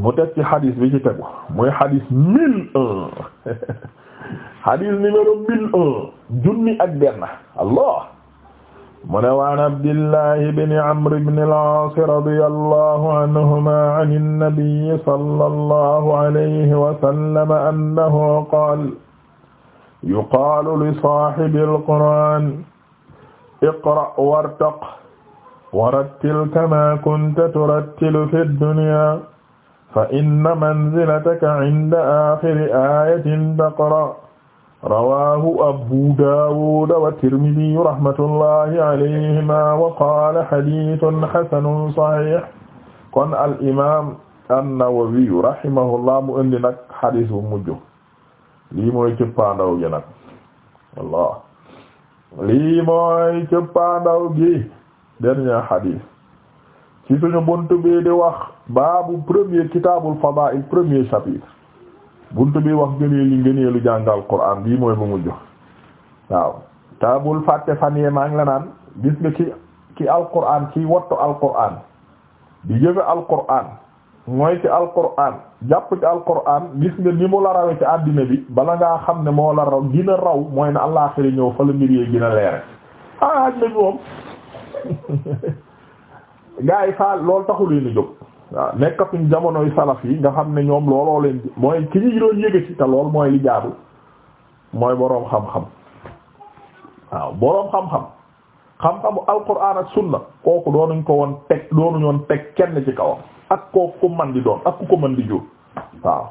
mu teg ci xadis bi ci tegu mooy xadis mille un xadis numéro mille un junni ak benn allah mu ne waan abdillahi bni amr bni al-aas radiyallahu anhuma an an-nabi sallallahu alayhi wa sallam annahu qaala yuqaalu li saahibil qur'aan iqra wartaq warattil kamaa kunta turattilu fi dunya fa inna manzilataka inda aaxiri aayatin taqra rawaahu abu daawuda wa tirmidiyu rahmatullahi alayhima wa qaala hadiisun hasanun sahiih kon al imaam an-nawawiyu rahimahullah mu indi nag xadis bu mujj lii mooy cëppaandaw gi nag walla lii mooy cëppaandaw gi dernier hadith ci suñu buntu bi di wax baabu premier kitaabul fadaa'il premier chapitre buntu bi wax gëneelu ngëneelu jàngal Qur'an bii mooy bu mujj waaw taabul fàtte fan yee maa ngi la naan gis nga ki ki Alqur'an ki wattu Alqur'an di jëfe Alqur'an mooy ci Alqur'an jàpp ci Alqur'an gis nga ni mu la rawe ci àddina bi bala ngaa xam ne moo la raw gën raw mooy ne àllaaxira ñëw fa la mbir yee gën a leere ah aj moom gars yi faal lool taxul yi ñu jóg waaw nekkatuñ jamonoy salaf yi nga xam ne ñoom looloo leen mooy ki ñu doon yëgati te lool mooy li jaadu mooy boroom xam-xam waaw boroom xam-xam xam-xamu alquran ak sunna kooku doonuñ ko woon teg doonuñ teg kenn ci kawam ak kooku ku man di doon ak ku ko man di jur waaw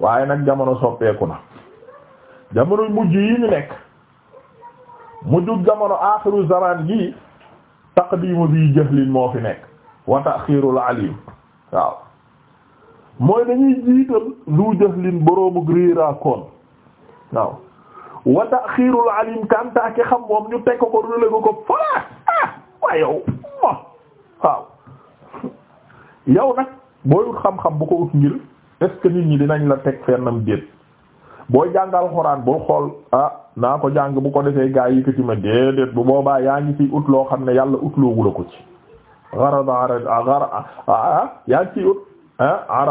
waaye nag jamono soppeeku na jamono mujj yi ñu nekk mujjug jamono aaxiru zaman gi taqdimu bi jahlin moo fi nekk wa taxiirul alim waaw mooy dañuy jiital lu jahlin boroomu griira koon waaw wa taxiirul alim kantaake xam moom ñu teg ko rële ko fala ah waa yow waaw yow nag booy ut xam-xam bu ko ut ngir est nit ñi dinañ la teg fennam déet boo jàngal xoraan bul xool ah, naa ko jàng bu ko defee gaa yi yëkkati ma déedéet bu boobaa yaa ngi ciy ut loo xam ne yàlla utloowula ko ci garada ara ah, yaa ngi ah,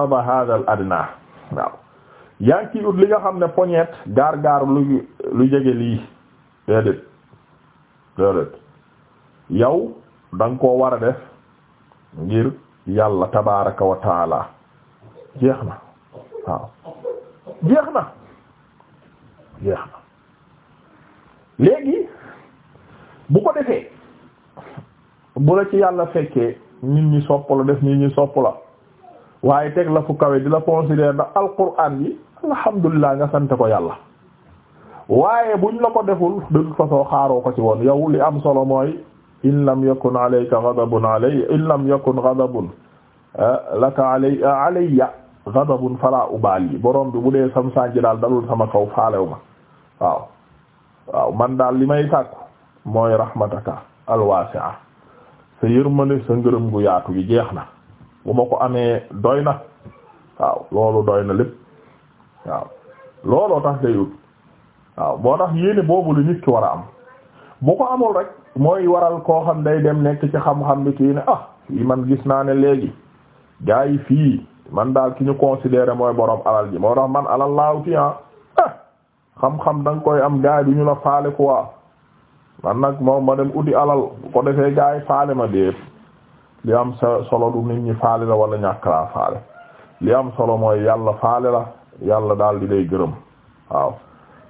li nga xam ne poñet gar gar lu lu jege lii déedéet déedéet yow da nga war a def ngir yàlla tabaraka wa taala jeex na waaw jeex na jeex léegi bu ko defee bu la ci yàlla fekkee nit ñi sopp la def nit ñi sopp la waaye teg la fu kawe di la considérer ndax alquran bi alhamdulilah nga sant ko yàlla waaye buñ la ko deful de toute façon xaaroo ko ci woon yow li am solo mooy in lam yakun alayka ghadabun alay in lam yakun ghadabun eh, laka alay alayya gadabun fala ubaali borom bi bu dee sam sànji daal dalul sama kaw faalew waaw waaw man daal li may sàkku mooy rahmataka alwasi'a sa yërmande sa ngërëm gu yaatu gi jeex na bu ma ko amee doy na loolu doy na lépp waaw looloo tax day ut waaw boo tax yéene boobu lu nit ki war a am bu ko amul rek mooy waral koo xam day dem nekk ci xam-xam bi kii ah fii man gis naa ne léegi gaa yi fii man daal ki ñu considéré mooy borom alal ji moo tax man alal laaw ci ah eh, xam-xam da koy am gaay du ñu la faale quoi man nag moom ma dem uti alal ko defee gaay faale ma déet li am solo du nit ñi faale la wala ñàkk laa faale li am solo mooy yàlla faale la yàlla daal di lay gërëm waaw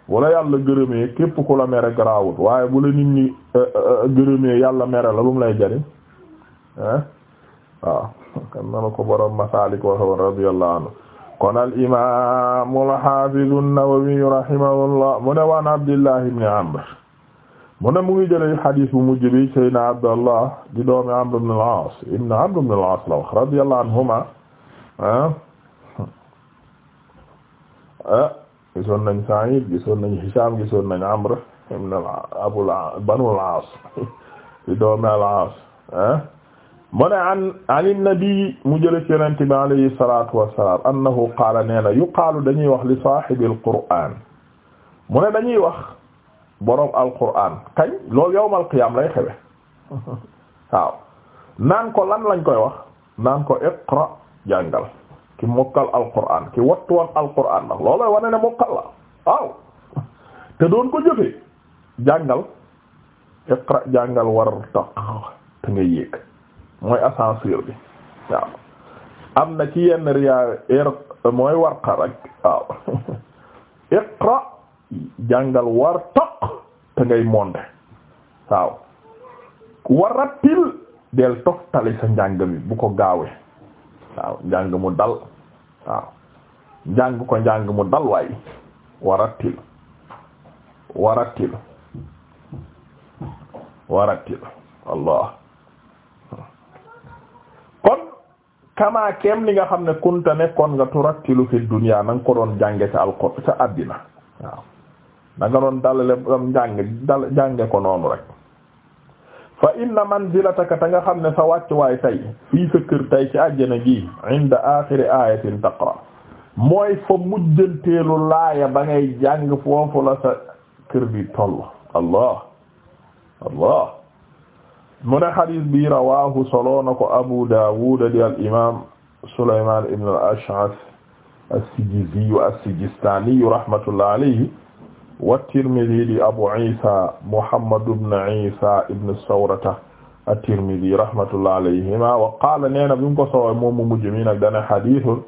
bu la yàlla gërëmee képp ku la mere garaawut waaye bu la nit ñi eh, eh, gërëmee yàlla mere la lu mu lay jariñ ah waaw kan nana ko borom masalik waxe woon radiyallahu anhu kon al imam al hafiz an-Nawawi rahimahullah mu ne waan Abdullah ibn Amr mu ne mu ngi jële hadis bu mujj bi Seydina Abdallah di doomi Amr ibn al-As ibn Amr ibn al-As la wax radiyallahu anhuma ah, ah. gisoon nañ Sa'id gisoon nañ Hisham gisoon nañ Amr ibn Abul Banu al-As di doomi al-As ah. mu ne an nabi mu jële ci yonent bi alayhi salatu wassalam nee na yuqaalu dañuy wax li saahibil qur'an mu dañuy wax boroom alqur'an kañ loolu yawmal qiyaam lay xewe waaw naan ko lan lañ koy wax naan ko iqra jàngal ki mokkal alqur'an ki wattu woon alqur'an ndax loolooy wane ne mokkal la waaw te doon ko jëfee jàngal iqra jàngal wartaq te nga mooy ascenseur bi waaw am na ci yenn riyaa er, mooy warqa rek waaw iqra jàngal wartaq te ngay monde waaw waratil del toftali sa njàng mi bu ko gaawee waaw njàng mu dal waaw njàng ko njàng mu dal waay waratil waratil waratil allah kamaa kem li nga xam ne kunta nekkoon nga turattilu fi dunya na nga ko doon jànge ca alko ca àddina waaw da nga doon dalale am njànge dal jànge ko noonu rek fa inna manzilataka ta nga xam ne sa wàccuwaay tey fii sa kër tey ci àjjana gi inda aaxiri ayatin taqra mooy fa mujjanteelu laaya ba ngay jàng foofu la sa kër bi toll allah allah mu ne xadis bi rawaahu solo na ko Abu Daawud di al imaam Sulaymaan ibn al-Ash'ath as-Sijizi as-Sijistaani rahmatullahi alayhi wa Tirmidhi di Abu Iisa Muhammad ibn Iisa ibn Sawrata at-Tirmidhi rahmatullahi alayhima wa qaala nee na bi mu ko soobee moom mu mujj mi nag dana xadiisul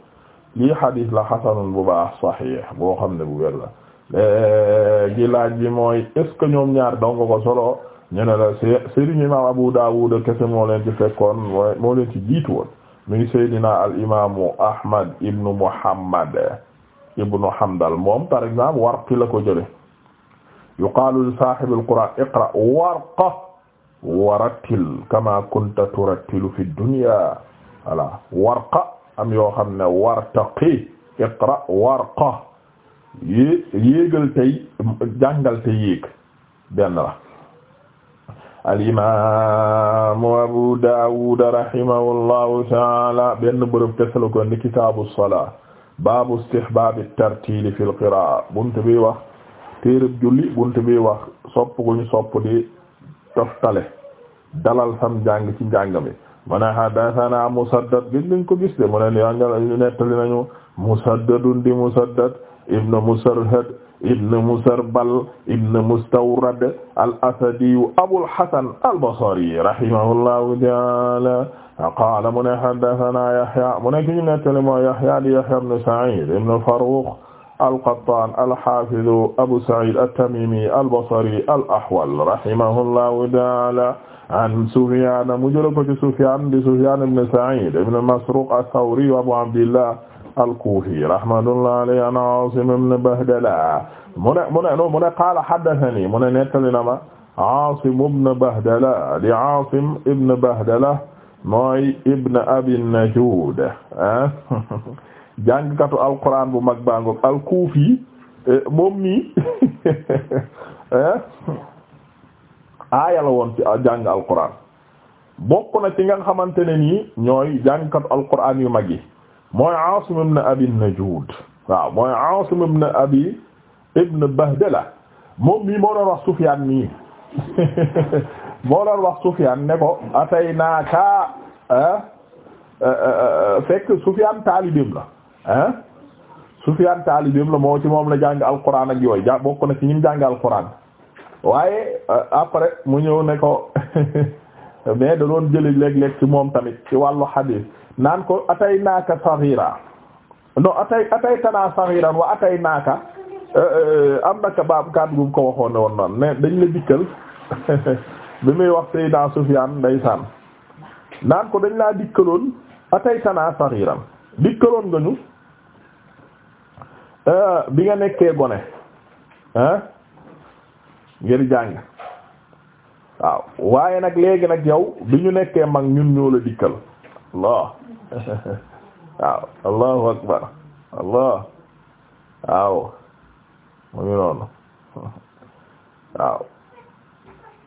lii xadis la xasanun bu baax saxiix boo xam ne bu wér la gi laaj bi mooy est ce que ñoom ñaar dong ko solo. ñu ne la Serigne imam Abu Dawud kese moo leen ci fekkoon moo leen ci jiitu woon muy Seydina al imaamu Ahmad ibnu Muhammad ibnu Hamdal moom par exemple Warqi la ko jële yuqaalu li saahibi al-Qur'aan iqra warqa warattil kama kunta turattilu fi dunya voilà warqa am yoo xam ne wartaqi iqra warqa yée yéegal tey jàngal te yéeg benn la alimamu Abu Dawud rahimahullahu taala benn bërëb kese la ko indi kitaabu salaa baabu istihbaabi tartiili fil qiraa buntu bi wax téereb julli buntu bi wax sopp gu ñu sopp di toftale dalal sam njàng ci mu ne haddasanaa Musaddad gis nañ ko gis mu ne nettali nañu Musaddadun di Musaddad ibnu Musarhad ibn Musarbal ibn Mustawrad al-Asadi Abul Hasan al-Basri rahimahullahu ta'ala qaala mu ne haddathanaa Yahya mu nekk ñu nettali moo Yahya di Yahya ibn Sa'id ibn Farrukh al-Qattan al-Hafiz Abu Sa'id at-Tamimi al-Basri al-Ahwal rahimahullahu ta'ala an Sufyan mu jël ko ci Sufyan di Sufyan ibn Sa'id ibn Masruq ath-Thawri Abu Abdillah al-Kufi rahmatullahi alayhi an Asim ibn Bahdala mu ne qaala haddathani mu ne nettali na ma Asim ibn Bahdala di Asim ibn Bahdala mooy ibn Abi Najud ah jàngkatu alquran bu mag baa ngoog al-Kufi eh, moom mi eh, aaya la woon ci ah, jàng alquran bokk na ci nga xamante ne nii ñooy jàngkatu yu mag yi. mooy Aasim ibn Abi Najuud waaw mooy Aasim ibn Abi ibn Bahdala moom mii moo doon wax Sufyaan mii moo doon wax Sufyaan ne ko ataynaaka ah? eh, eh, eh, fekk Sufyaan taalibeem la ah Sufyaan taalibeem la moo ci moom la jàng alquran ak yooyu ja bokk na ci ñim jàng alquran waaye après mu ñëw ne ko mais da doon jëli léeg-léeg ci moom tamit ci wàllu xadiis naan ko atay naaka saghira no atay atay tanaa saghiran wa atay naaka eh, eh, am naka baab kàddu gum ko waxoon ne woon noonu ne dañ la dikkal bi muy wax Seydina Sufyaan ndeysaan naan ko dañ laa dikkaloon atay tanaa saghiran dikkaloon nga ñu eh, bi nga nekkee gone ah ngir jàng waaw waaye nag léegi nag yow bi ñu nekkee mag ñun ñoo la dikkal Allah waaw allahu akbar allah waaw mu ngi noonu waaw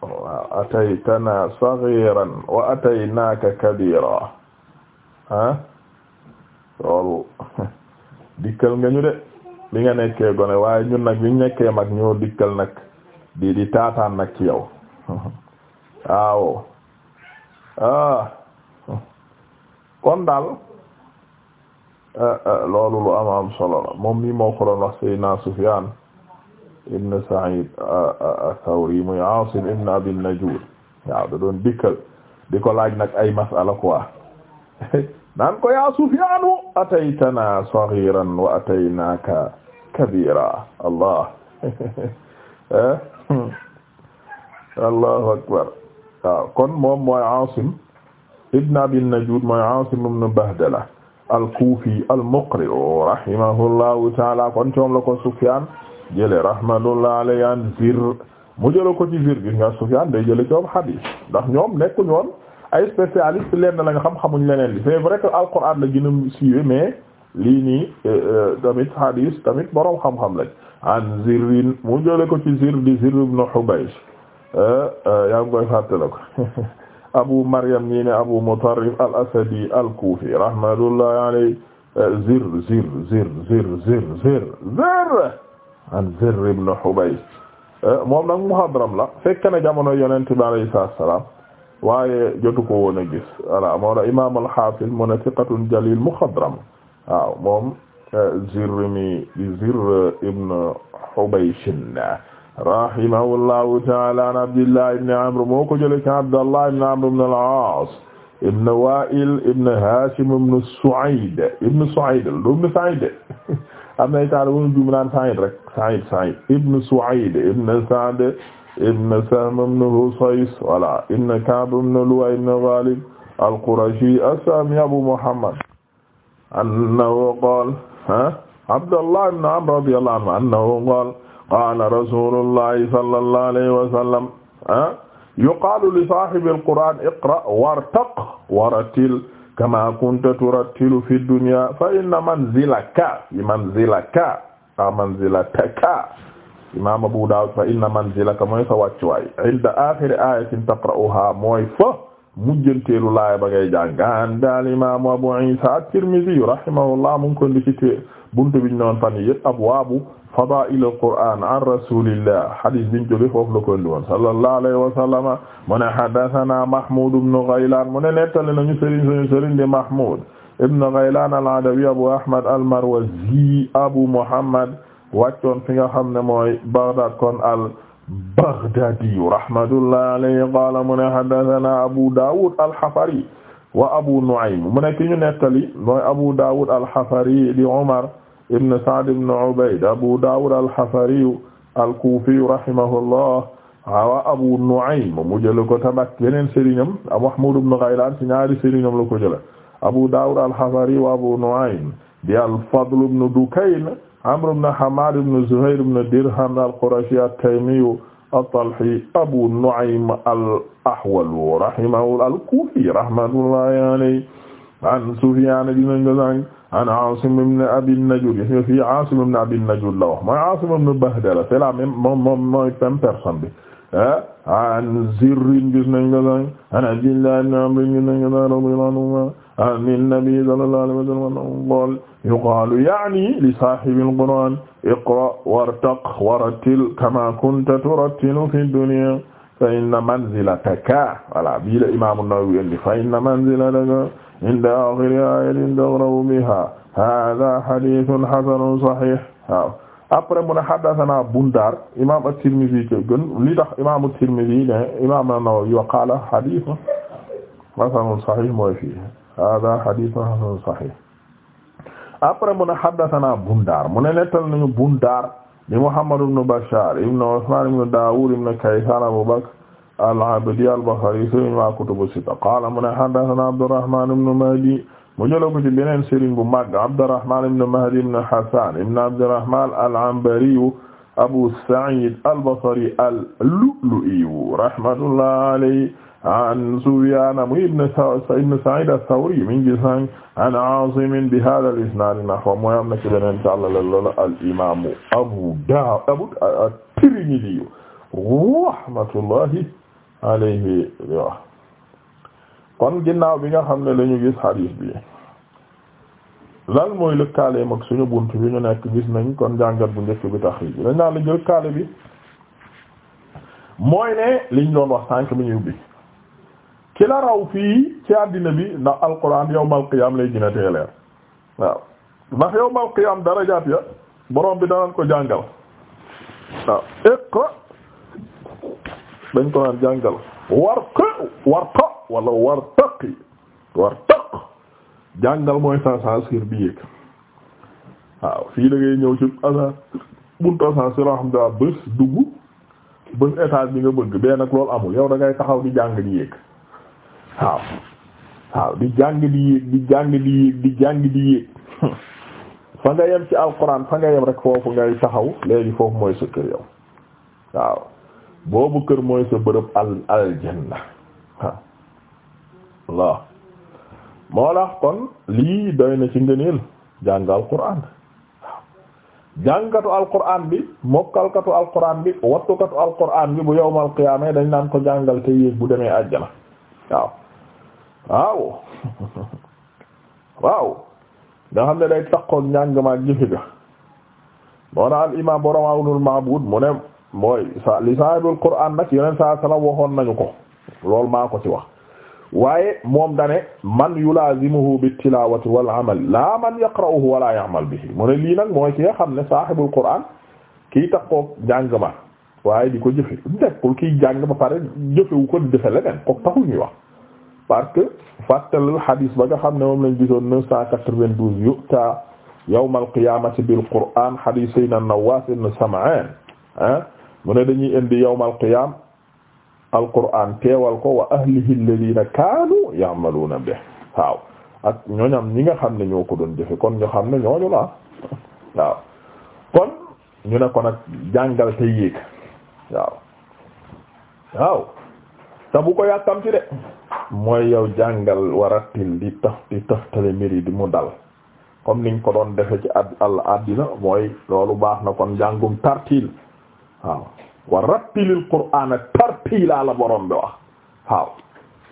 waaw ataytana saghiran wa ataynaaka kabira ah loolu dikkal nga ñu de bi nga nekkee gone waaye ñun nag bi ñu nekkee mag ñoo dikkal nag di di taataan nag ci yow waaw ah kon daal eh, eh, loolu lu am am moom mi moo ko doon wax Seydina Sufyaan ibn Sa'id eh, ath-Thawri muy Aasim ibn Abi Najuud waaw da doon dikkal di ko laaj nag ay masala quoi naan ko yaa Sufyaanu ataytanaa saghiran wa kabira allah allahu akbar kon moom mooy Aasim ibn Abi Najuud mooy Aasim ibn Bahdala al-Kuufi al-Muqri rahimahullahu ta'ala la ko Sufyaan jële rahmatullah alayhi an Zir mu jëla ko ci Zir gis nga Sufyaan day jële coom hadiis ndax ñoom nekkuñu woon ay spécialiste leen na la nga xam-xamuñ leneen li c'est vrai que Alxuraan la gën a siiwe mais lii nii euh, euh, tamit hadiis tamit borom xam-xam lañ an Zirrin mu jële ko ci Zir di Zir ibn Hubaysh euh, yaa ngi koy fàttaliku abu maryam ñi ne abu mutarrif al asadi al kufi rahmatullahi alayhi zir zir zir zir zir zir zir an zir ibn hubays moom nag muhadram la fekk na jamono yonent bi alayhi salaam waaye jotu ko woon a gis voilà moo la imam al hafiz mu ne thiqatun jalil muhadram waaw moom zir mi di zir ibn hubays rahimahullahu ta'ala an abdillah ibni amr moo ko jële ci abdallah ibni amr ibn al-aas ibn wa'il ibn hashim ibn su'ayd ibn su'ayd lu ibn sa'id am na itaale wonu juum naan sa'id rek sa'id sa'id ibn su'ayd ibn sa'd ibn sahm ibn husays wala ibn ka'b ibn lu'ay ibn ghalib al-qurashi as-sami abu muhammad annahu qala ha abdallah ibn amr radiyallahu anhu annahu qala qaala rasulullahi sallallahu alayhi wa sallam ah, yuqaalu li saahibil qur'aan iqra wartaq warattil kamaa kunta turattilu fi dunya fa inna manzilaka fi manzilaka fa manzilataka imaam Abu Daawud fa inna manzilaka mooy sa wàccuwaay inda aaxiri aayatin taqra'uhaa mooy fa mujjanteelu laaya ba ngay jàng an daal imaam Abu Iisa at-Tirmidhi rahimahullah mu ngi ko indi ci buntu bi ñu noon fan yépp abwaabu fadaa'il al-Qur'aan an rasuulillah hadis biñ jóge foofu la ko indi woon sallallahu alayhi wa sallama mu ne haddasanaa Mahmoud ibn Ghaylaan mu ne nettali nañu sëriñ suñu sëriñ di Mahmoud ibn Ghaylaan al-Adawi Abu Ahmad al-Marwazi Abu Muhammad wàccoon fi nga xam ne mooy Baghdad kon al-Baghdadi rahmatullahi alayhi qaala mu ne haddasanaa Abu Daawud al-Hafari wa Abu Nu'aym mu ne ki ñu nettali mooy Abu Daawud al-Hafari di Umar ibn Sa'd ibn Ubayd Abu Dawud al-Hafariyu al-Kufiyu rahimahullah wa Abu Nu'aym mu jël ko tam ak beneen sëriñam Mahmud ibn Ghaylan ci ñaari sëriñam la ko jël Abu Dawud al-Hafari wa Abu Nu'aym di al-Fadl ibn Dukayn Amr ibn Hammad ibn Zuhayr ibn Dirham al-Qurashi at-Taymiyu at-Talhi Abu Nu'aym al-Ahwal rahimahu al-Kufi rahmatullahi alayhi an Sufyan an Aasim ibn Abi Najuud gis nga fii Aasim ibn Abi Najuud la wax mooy Aasim ibn Bahdala c'est la même moom moom mooy même personne bi an Zirrin gis nañ ko sax an Abdillah ibn Amr gis nañ ko sax radiyallahu anhuma an an-nabi sallallahu alayhi wa sallam qaala yuqaalu ya'ni li saahibil Qur'aan iqra' wartaq warattil kamaa kunta turattilu fid dunyaa fa inna manzilataka voilà bii la Imaam an-Nawawi indi fa inna manzilataka inda aaxiri aayatin taqra'u biha haaza hadiisun hasanun sahiih waaw après mu ne haddasanaa Bundaar imaam at-Tirmidhi ko gën li tax imaam at-Tirmidhi ne imaam an-Nawawi wa qaala hadiisun hasanun sahiih mooy fii haaza hadiisun hasanun sahiih après mu ne haddasanaa Bundaar mu ne nettal nañu Bundaar di Muhammad ibn Bashaar ibn Usmaan ibn Daawuud ibn Kaysaan Abu Bakr al-Abdi al-Basri sëriñ wa kutubu sitta qaala mu ne haddathana Abdurrahman ibn Mahdi mu jëloon ko ci beneen sëriñ bu mag Abdurrahman ibn Mahdi ibn Hasan ibn Abdurrahman al-Anbari Abu Sa'id al-Basri al-Lu'lu'i rahmatullahi alayhi an Sufyan mu ibn Sa'id ath-Thawri min Jisang an Asim bi hadha al-isnad nahwa mooy am na ci beneen tallale loolu al-imam Abu Dawud at-Tirmidhi rahmatullahi alayhi bi wax kon ginnaaw bi nga xam ne lañu gis hadith bi lan mooy lëkkaaleem ak suñu bunt bi ñu nekk gis nañ kon jàngat bu njëkk bi taxriij bi dañ naan la lëkkaale bi mooy ne liñ doon wax sànq bi ñuy ubbi ki la raw fii ci àddina bi ndax alquran yawmal qiyaam lay gën a teeleer waaw ndax yawmal qiyaam darajaat ya borom bi danaan ko jàngal waaw iqra dañ ko naan jàngal war ko war ko wala war taqi war taq jàngal mooy ascenseur bi yéeg waaw fii da ñëw ci ascenseur buntu ascenseur alhamdulilah bés dugg bés étage bi nga bëgg bee nag loolu amul yow dangay taxaw di jàng di yéeg waaw waaw di jàng di yéeg di jàng di yéeg di jàng di yéeg fa nga yem ci alquran fa nga yem rek foofu ngay taxaw léegi foofu mooy sa kër waaw boobu kër mooy sa bërëb al aljanna waaw moo tax kon lii doy na ci ngëneel jàng alquran waaw jàngkatu alquran bi mokkalkatu alquran bi wattukatu alquran bi bu yawmal qiyaama dañ naan ko jàngal te yéeg bu demee àjjana waaw waaw nga xam ne day takkook njàng ma jëfe ga moo na al imaam borom Awnul mu ne mooy sa li saahibul qur'an nag yeneen saa salaam waxoon nañu ko loolu maa ko ci wax waaye moom dane man yulazimuhu bi tilawati wal amal la man yaqra'uhu wala ya'mal bihi mu ne lii nag mooy ki nga xam ne saahibul qur'an kii taxoo jàng ma waaye di ko jëfe nekkul kii jàng ba pare jëfewu ko di defe leneen ko taxul ñuy wax parce que fàttalal hadis ba nga xam ne moom lañ gisoon neuf cent quatre-vingt-douze yu'ta yawmal qiyaamati bil qur'an hadis sayna Nawaas ibn Sam'aan ah mu ne dañuy indi yawmal qiyaam alquraan teewal ko wa ahlihi alladhiina kaanu ya'maluuna bih waaw ak ñooñam ñi nga xam ne ñoo ko doon jëfe kon ñoo xam ne ñooñu la waaw kon ñu ne ko nag jàngal te yéeg waaw waaw te ko yàkkam de mooy yow jàngal warattil di tax di taftale yi di mu dal comme niñ ko doon defe ci ad àll àddina mooy loolu baax na kon jàngum tartil waaw wa rattilil qur'ana tartiila la borom bi wax waaw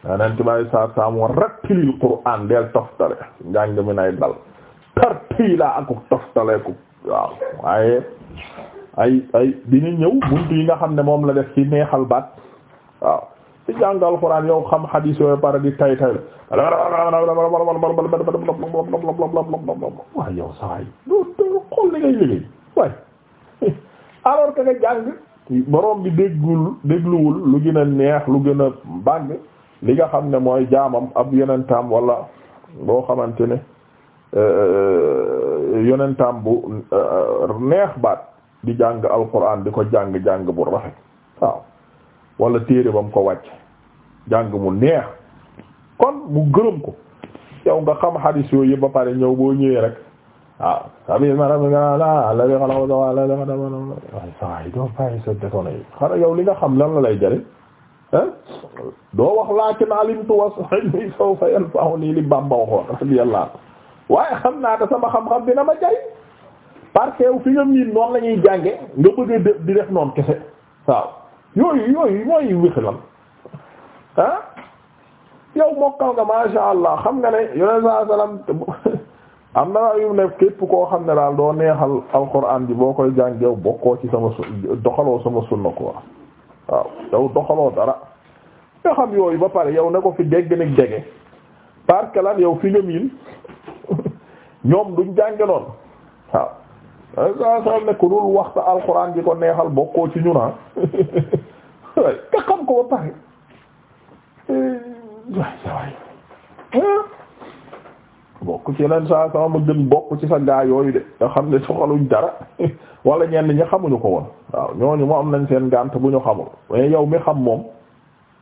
yeneen tubaab saa saa mu rattilil qur'an del toftale njàng mi nay dal tartiila akuk toftale ku waaw waaye ay ay dina ñëw buntu yi nga xam ne moom la def ci neexal baat waaw ci jàngal qur'an yow xam hadith yooyu pare di tay tay waaye yow saa yi doo doo xool li ngay waaye alors que nga jàng borom bi déggul dégluwul lu gën a neex lu gën a bàng li nga xam ne mooy jaamam ab yonentam wala boo xamante ne euh, euh, yonentam bu euh, neex baat di jàng alquran di ko jàng-jàng bu rafet waaw wala téere bam ko wàcc jàng mu neex kon mu gërëm ko yow nga xam hadis yooyu ba pare ñëw boo ñëwee rek waaw sabi maramga la la bi xalaw sawa la li xadama waaye sawaay doo sa déconné yi yow li nga xam lan la lay jëriñ doo wax laakin alimtu li bamba waxoon waaye xam naa te sama xam-xam dina ma jëriñ parce que fi nga miin noonu la ñuy jànge nga bëgg di def kese waaw yooyu yooyu mooy wixilan ah yow mokkal nga masha allah xam nga ne yoneen saa sallam am na yu ne képp koo xam ne daal doo neexal alquran bi boo koy jàngeew bokkoo ci sama su doxaloo sama sunna quoi waaw yow doxaloo dara nga xam yooyu ba pare yow ne ko fi dégg nag dégg parce que lan yow fi nga ñoom duñ jànge noonu waaw saa saa nekk dul waxta alquran bi ko neexal bokkoo ci ñu ah. naa xam ko ba pare eh, bokk ci yeneen saa sama ma gën bokk ci sa gaa yooyu de nga xam ne soxaluñ dara wala ñenn ñi xamuñu ko woon waaw ñooñu moo am nañ seen gànt bu ñu xamul mais yow mi xam moom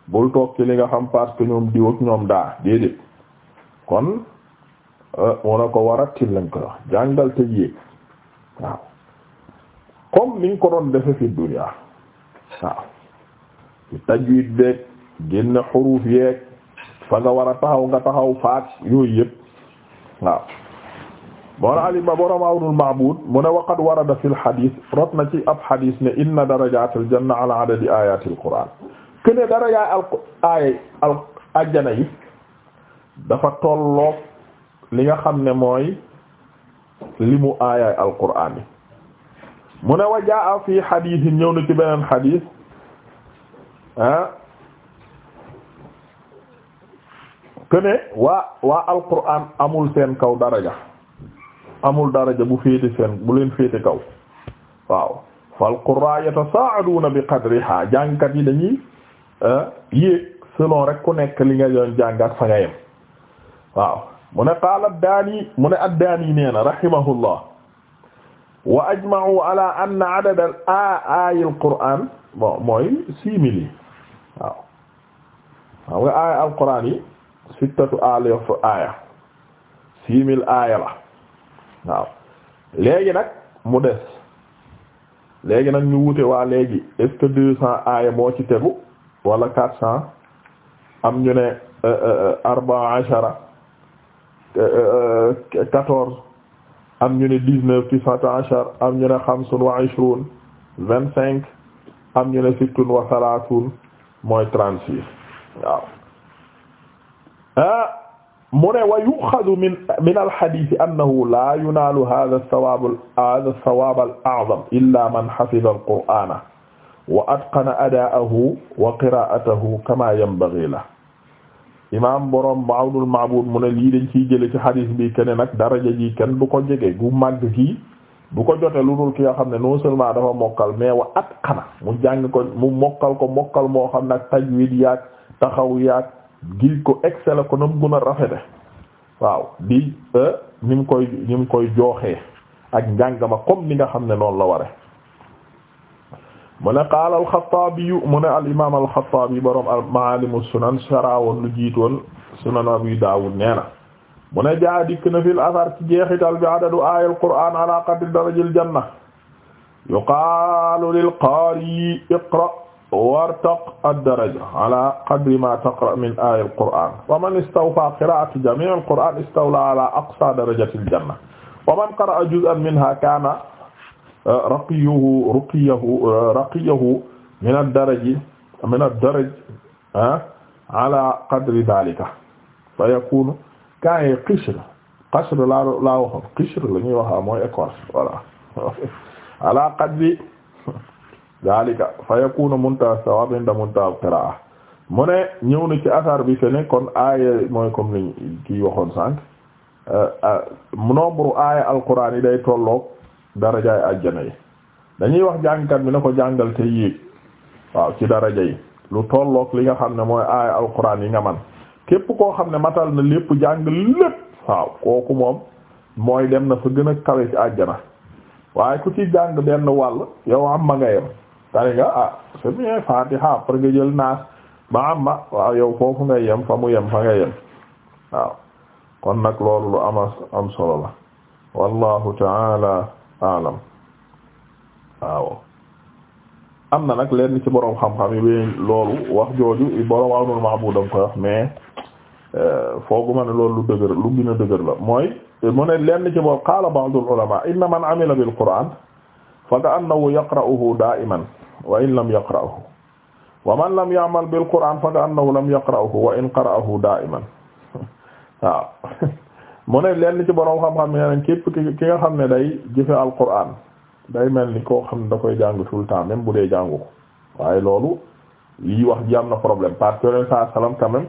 bul toog ci li nga xam parce que ñoom diw ak ñoom daa déedéet kon euh, mu ne ko warattil lañ ko wax jàngal te yéeg waaw comme niñ ko doon defe fi dunya waaw ci tajwid beeg génn xuruuf yeeg fa nga war a taxaw nga taxaw faat yooyu yëpp waaw bon alima borom awnul ma'bud mu ne waqad warada fil hadis rot na ci ab hadis ne inna darajatil janna ala adadi ayatil qur'an kene darajaay al aaya al ajjana dafa tolloog li nga xam ne mooy li mu aayaay al qur'an yi wa jaa fi hadis ñëw na ci beneen hadis ah que ne waa waa alquran amul seen kaw daraja amul daraja bu féete seen bu leen féete kaw waaw fal qurra yatasaaduuna bi qadriha jàngkat yi dañuy euh, yéeg selon rek ku nekk li nga doon jàng ak fa nga yem waaw mu ne qaala addaani mu ne addaani nee na rahimahullah wa ajma'u ala anna adad al aayi mooy six waaw waaw nga aaya sittatu alif aaya six mille aaya la waaw léegi nag mu des léegi nag ñu wute waa léegi est-ce deux cents aaya moo ci tegu wala quatre cents am ñu ne euh, euh, euh, arba ashara quatorze am ñu ne dix-neuf tisata ashar am ñu ne xamsun wa ishrun vingt-cinq am ñu ne sittun wa salatun mooy trente-six waaw mu ne wa yuxadu min min alxaditi annahu la yunaalu hada sawaab hada sawaab al a'zam illa man xafiza alqur'ana wa atqana adaahu wa qiraatahu kama yanbaghi la imam borom Awnul Ma'buud mu ne lii dañ ciy jële ci xadis bi kenn nag daraja ji kenn du ko jege gu màgg gi du ko jote lu dul ki nga xam ne non seulement dafa mokkal mais wa atqana mu jàng ko mu mokkal ko mokkal moo xam nag tajwiid yaak taxaw yaak gi ko excellé ko na mu rafete waaw di e, koy ni koy jooxee ak njàngama comme ni nga xam ne noonu la ware mu ne qaala al-Xattaabi mu ne al-imaam al-Xattaabi boroom al-Maalim sunan saraawoon lu jiitoon Sunan Abi Daawud nee mu ne jaa dikk na fil asar ci jeexital bi adadu aayal Qur'aan ala qadri darajil janna yuqaalu lil qaari iqra wartaq ad-daraja ala qadri ma taqra min aaya al-Qur'an wa man istawfa qira'ata jami' al-Qur'an istawla ala aqsa darajati al-janna wa man qara'a juz'an minha kana uh, raqiyuhu ruqiyahu uh, raqiyahu min ad-daraji min ad-daraj ala qadri dhalika fa yakunu kaay qishr qashr laa laa waxoon qishr la ñuy wax mooy écorce voilà ala qadri dalika fa yakunu muntaha sawab inda muntaha qiraa mu ne ñëw na ci asar bi fene kon aaya mooy comme ni kii waxoon sànq euh, euh, nombre aaya alquran yi day tolloog darajaay ajjana yi dañuy wax jàngkat bi na ko jàngal te yéeg waaw ci daraja yi lu tollook li nga xam ne mooy aaya alquran yi nga man képp koo xam ne matal na lépp jàng lépp waaw kooku moom mooy dem na fa gën a kawe ci ajjana waaye ku ci jàng benn wàll yow am ma nga yem tari nga ah c'est bien fatiha après nga naas ba amma yow foofu nga fa mu fa nga yem kon nag loolu lu ama am solo la taala alam waaw am na nag lenn ci boroom xam-xam yi loolu wax jooju boroom awnul ma'bud dam koy wax mais euh, foogu ma loolu lu lu gën a la mooy mu ne ci boroom qaala ba'dul ulama inna man amila bil qur'an fa ka'annahu yaqra'uhu da'iman wa in lam yaqra'hu wa man lam ya'mal bil qur'an fa ka'annahu lam yaqra'hu wa in qara'ahu daa'iman waaw mu ne lenn ci boroom xam-xam ne nañ képp ki nga xam ne day jëfe al alquran day mel ni koo xam ne da koy jàng tout le temps même bu dee jàngu ko waaye loolu lii wax ji am na problème parce que yoneen saa salaam quand même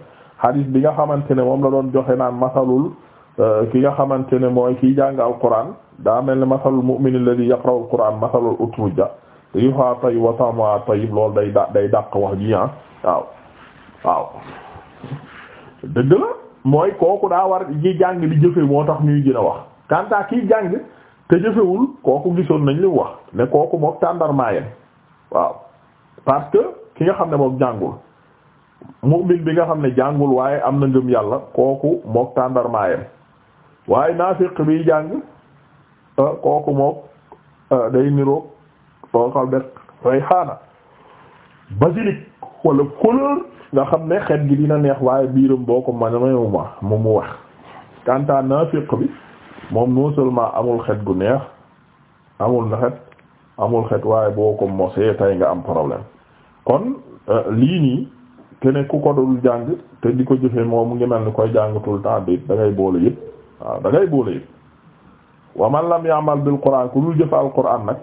bi nga xamante ne moom la doon joxe naan masalul euh, ki nga xamante ne mooy kiy jàng alquran daa mel ni masalul mu'min alladhi yaqra'u alquran masalul utruja riiha tayyib wa ta'muha tayyib loolu day da day dàq wax ji ah waaw waaw dëgg la mooy kooku daa war ji jàng di jëfe moo tax ñuy gën wax kanta ki jàng te jëfewul kooku gisoon nañ li wax ne kooku mook tàndarmaayam waaw parce que ki nga xam ne moom jàngul mu'min bi nga xam ne jàngul waaye am na ngëm yàlla kooku mook tàndarmaayam waaye naafiq bi jàng euh, kooku mook euh, day niroog toogal def rayhaana basilic wala couleur nga xam ne xet gi dina neex waaye biiram boo ko mëneewu mu mu wax. kanta naafiq bi moom non amul xet gu neex amul na xet amul xet waaye boo ko mosee tay nga am problème kon euh, lii nii te ne ku ko dul jàng te di ko jëfee moom mu ngi mel ni koy jàng temps bi boole yëpp waaw da boole yëpp wa man lam ya'mal bil qur'an ku dul jëfe al qur'an nag.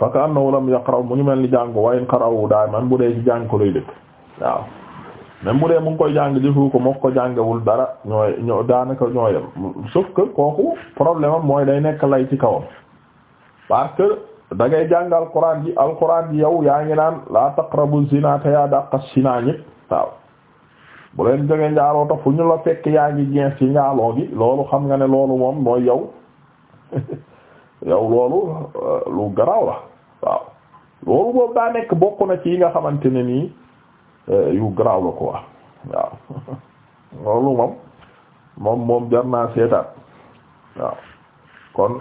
fa ka annahu lam yaqra mu ngi mel ni jàng wa in qara'u daiman bu dee ci jàng ko lay dëkk waaw même bu dee mu koy jàng jëfu ko moo ko jàngewul dara ñooy ñoo daanaka ñoo yem sauf kooku problème mooy day nekk lay ci kawam parce que da jàng alquran ji ji yow yaa ngi naan la taqrabu zina te yaa dàqa waaw bu leen jógee njaaloo fu ñu la fekk yaa ngi gens ci loolu xam nga ne loolu moom mooy yow yow loolu euh, lu garaaw waaw loolu boobu daa nekk bokk na ci yi nga xamante ne nii euh, yu garaaw la quoi waaw loolu moom moom moom jar naa seetaat waaw kon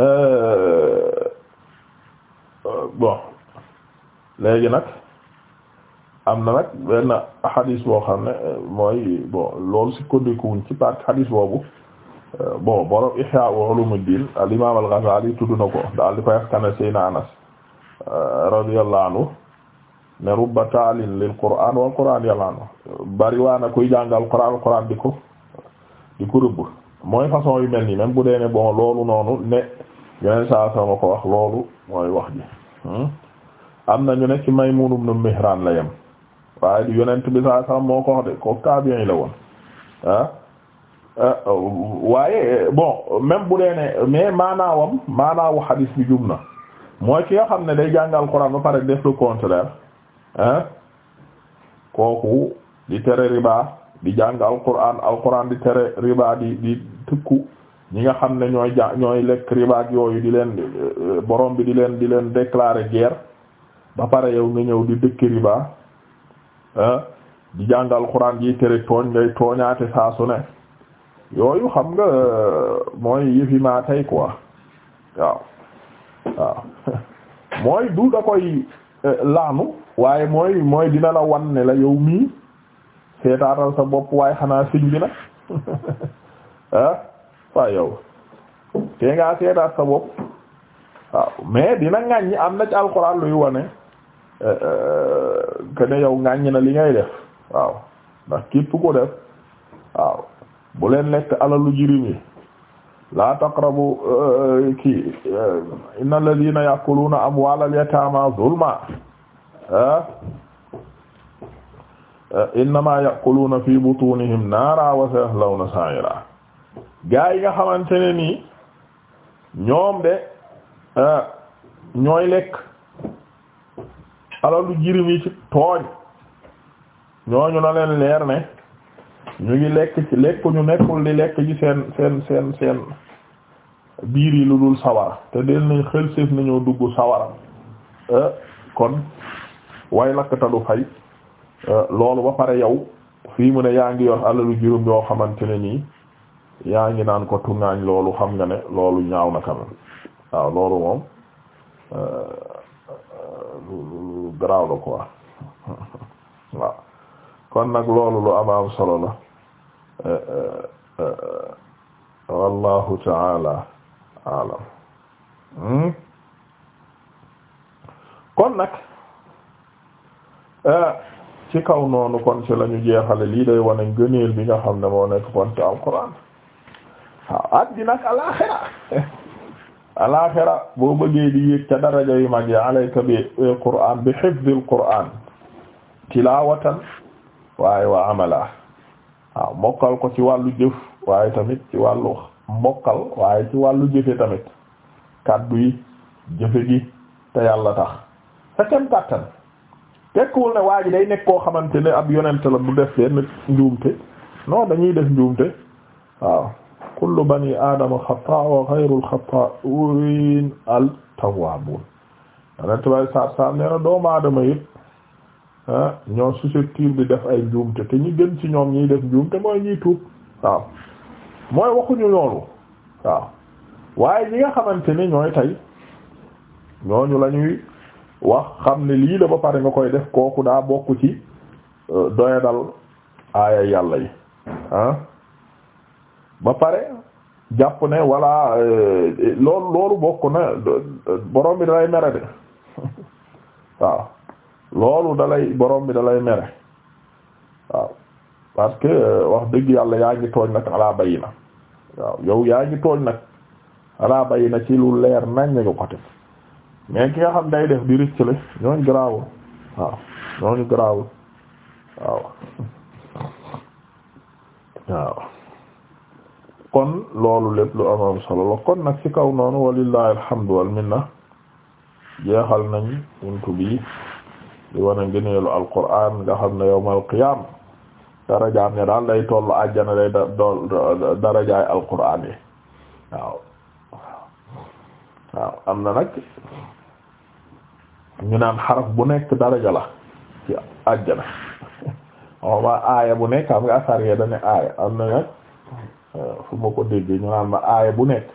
euh, euh, bon léegi nag am na nag benn xadis boo xam ne mooy bon loolu si ko ci parce que boobu Euh, bon borom Ihya Ulumuddin al imaam al Ghazali tudd na ko daal di koy askane Seydina Anas euh, radiyallahu anhu ne rubba taalin lil qur'aan wal qur'aan yàlla bari waa na kuy jàngal qur'aan al qur'aan di ko di ko rëbb mooy façon yu mel nii même bu dee ne bon loolu noonu ne yeneen saa sama wax loolu mooy wax ji hmm? am na ñu ne ci Maymuun ibnu Mihraan la yem waaye di yonent bi saa moo ko wax de ko taabi'i la woon ah. Euh, euh, waaye bon même bu dee ne mais maanaawam maanaawu xadiis bi jub na mooy ki nga xam ne day jàngal Alxuraan ba pare def le contraire hein kooku di tere riba di jàng Alxuraan Alxuraan di tere riba di tukku ñi nga xam ne ñooy ñooy lekk riba ak yooyu di leen euh, borom bi di leen di leen déclarer guerre ba pare yow nga ñëw di dëkk riba hein di jàng Alxuraan yi tere tooñ ngay tooñaate saa su ne. yooyu xam nga mooy yëfi maa tey quoi waaw waaw mooy du da koy eh, laanu waaye mooy mooy dina la wan ne la yow mii seetaatal sa bopp waaye xanaa siñ bi nag ah waaw yow tee ngaa seetaat sa bopp waaw mais dina ŋàññi am na ci alxuraan luy wane eh, eh, que yow ŋàññi na li ngay def waaw ndax képp ko def waaw bu leen lekk alalu jirim yi la taqrabu euh, kii euh, inna alladhina ya'kuluna amwala al-yatama zulma ah, ah, innama ya'kuluna fi butunihim naara wa sayaslawna sa'ira gaa yi nga xamante ne nii ñoom de ah, ñooy lekk alalu jirim yi tooñ ñooñu na leen leer ne ñu ngi lekk ci lekk ñu nekkul di lekk ci seen seen seen seen biir yi lu dul sawara te del nañ xel séef nañoo dugg sawara eh, kon way lakkata du fay eh, loolu ba pare yow fii mu ne yaa ngi yor alalu juróom yoo xamante ne nii yaa ngi naan ko tungaañ loolu xam nga ne loolu ñaaw na kam waaw loolu moom eh, lu lu garaaw la waaw kon nag loolu lu am am solo la Uh, uh, uh, wallahu taala alam hmm? kon nag ci kaw noonu kon ci lañu jeexale lii day wane ngëneel bi nga xam ne moo nekk kon ci alquran waaw addina ak alaaxira alaaxira boo bëggee di yéeg ca daraja yu mag yi bi alquran e, bi hifdil quran tilawatan waaye wa amala waaw mokkal ko ci wàllu jëf waaye tamit ci wàllu mokkal waaye ci wàllu jëfe tamit kàddu jëfe gi te yàlla tax sa kem kàttan tekkiwul ne waa day nekk koo xamante ne ab yonent la bu def leen njuumte non dañuy def njuumte waaw kullu bani aadama xataa wa xayrul al tawwabun yonent bay saab saab nee doomu aadama yëpp Ah, ñoo susceptible di def ay njuumte te ñi ci ñoom ñiy def njuumte mooy ñiy tuub waaw mooy waxuñu loolu waaw waaye ñi nga xamante ni ñooy tey ñooñu la ñuy wax xam ne lii la ba pare nga koy def kooku daa bokku ci euh, doyadal aaya yàlla yi ah ba pare jàpp ne wala euh, loolu loolu bokk na euh, borom bi dalay mere de waaw loolu dalay borom bi dalay mere waaw parce que euh, wax dëgg yàlla yaa ngi tooñ nag alaa na waaw yow yaa ngi tooñ nag alaa na ci lu leer nañ nga ko teg ki nga xam day def di rëccale ñooñ garaawul waaw ñooñu garaawul waaw waaw kon loolu lépp lu amoon solo kon nag ci kaw noonu walillahi alhamdu wal jeexal nañ buntu di wane ngëneelu alquran nga xam ne yawmal qiyaam darajaam ne daal day tollu àjjana day darajaay alquran yi waaw am na nag ñu naan xaraf bu nekk daraja la ci àjjana ma aaya bu nekk xam nga asar yee dane aaya am na nag euh, fu ma ko déggee ñu naan ma aaya bu nekk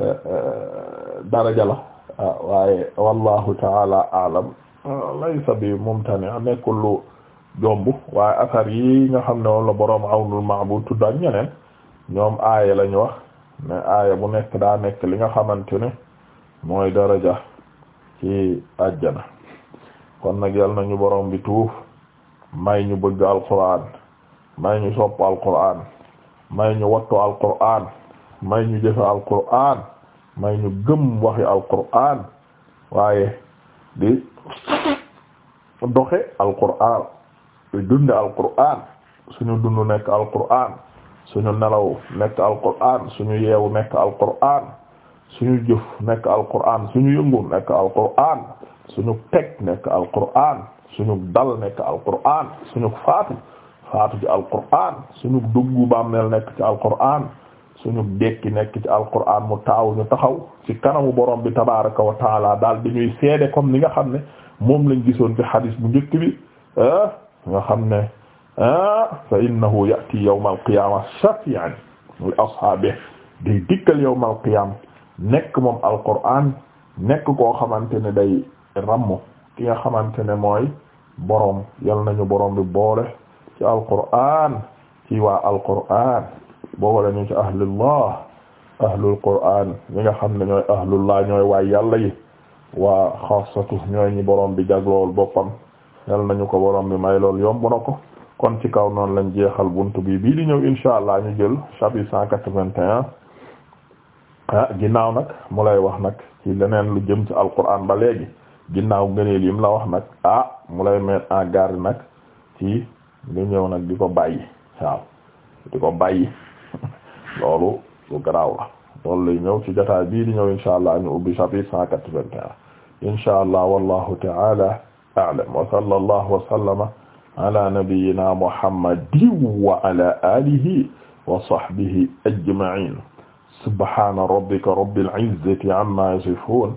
euh, euh, daraja la waaye wallahu taala alam lay ah, laysa bi a nekkul lu jomb waaye asar yi nga xam ne woon la boroom awnul ma'bud tudd ak ñeneen ñoom aaya lañu wax ne aaya bu nekk daa nekk li nga xamante ne mooy daraja ci àjjana kon nag yal nañu boroom bi tuuf may ñu bëgg alquran may ñu sopp alquran may ñu wattu alquran may ñu jëfe alquran may ñu gëm waxi alquran waaye di doxe alquran dunde alquran suñu dundu nekk alquran suñu nelaw nekk alquran suñu yeewu nekk alquran suñu jëf nekk alquran suñu yëngu nekk alquran suñu teg nekk alquran suñu dal nekk alquran suñu faatu faatu ci alquran suñu duggu bàmmeel nekk ci alquran suñu dekki nekk ci alquran mu taaw ñu taxaw ci kanamu borom bi tabaraka wa taala daal dañuy seede comme ni nga xam ne moom lañ gisoon ci xadis bu njëkk bi ah, nga xam ne ah, fa innahu yati yawma alqiyama shafi'an li ashaabi day dikkal yawma alqiyama nekk moom alquran nekk koo xamante ne day ramm ki nga xamante ne mooy borom yal nañu borom bi boole ci alquran ci waa alquran boo la ñu ci ahlullah ahlul qur'an ñi nga xam ne ñooy ahlullah ñooy waay yàlla yi waa xaasatu ñooy ñi borom bi jaglool boppam yal nañu ko borom bi may lool yomb na ko kon ci kaw noonu lañ jeexal bunt bi bii di ñëw insha allah ñu jël chapitre cent quatre-vingt-un ah, ginnaaw nag mu lay wax nag ci leneen lu jëm ci alquran ba léegi ginnaaw gëneel yim la wax nag ah mu lay mettre en garde nag ci lu ñëw nag di ko bàyyi waaw di ko bàyyi loolu lu garaaw la loolu lay ñëw ci jotaay bii di ñëw insha allah ñu ubbi chapitre cent quatre-vingt-un insha allah wallahu ta'ala a'lam wa sallallahu wa sallama ala nabiyyina muhammadin wa ala alihi wa sahbihi ajma'in subhana rabbika rabbil izzati amma yasifun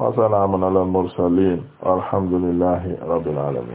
wa salamun ala al mursalin walhamdulillahi rabbil alamin